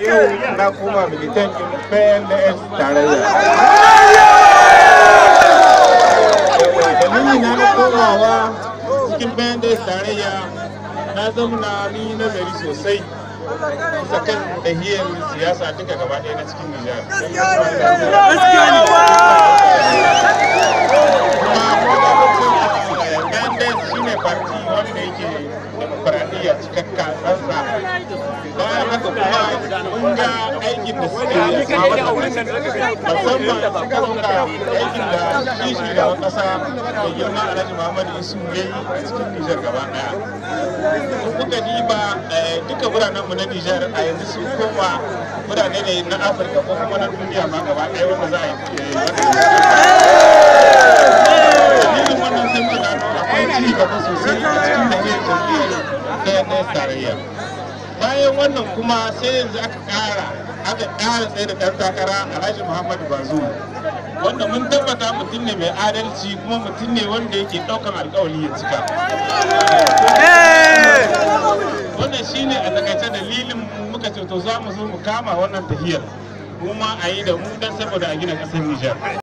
yau na koma militan pns tarayya dalili na komawa cikin pns tarayya na zauna ni nazari sosai sakan kan tahiyar siyasa duka gaba ɗaya na cikin nijar wanda yake demokuraɗiyya cikakka tsantsa bayan haka kuma mun ga aikin da suka yi musamman suka ɗauka aikin da shi shugaban ƙasa da girma alhaji muhammadu isu ya yi a cikin nijar gaba ɗaya kuka diba eh, duka biranenmu na nijar a yanzu sun koma birane ne na afirka ko kuma na duniya ma gaba ɗaya wanda za a yi tarayya bayan wannan kuma sai yanzu aka ƙara aka ƙara tsaye da ɗan takara alhaji muhammadu bazu wanda mun tabbata mutum ne mai adalci kuma mutum ne wanda yake ɗaukan alkawari ya cika wannan shine a takaice dalilin muka ce to za mu zo mu kama wannan tahiyar kuma a yi da mu don saboda a gina ƙasar nijar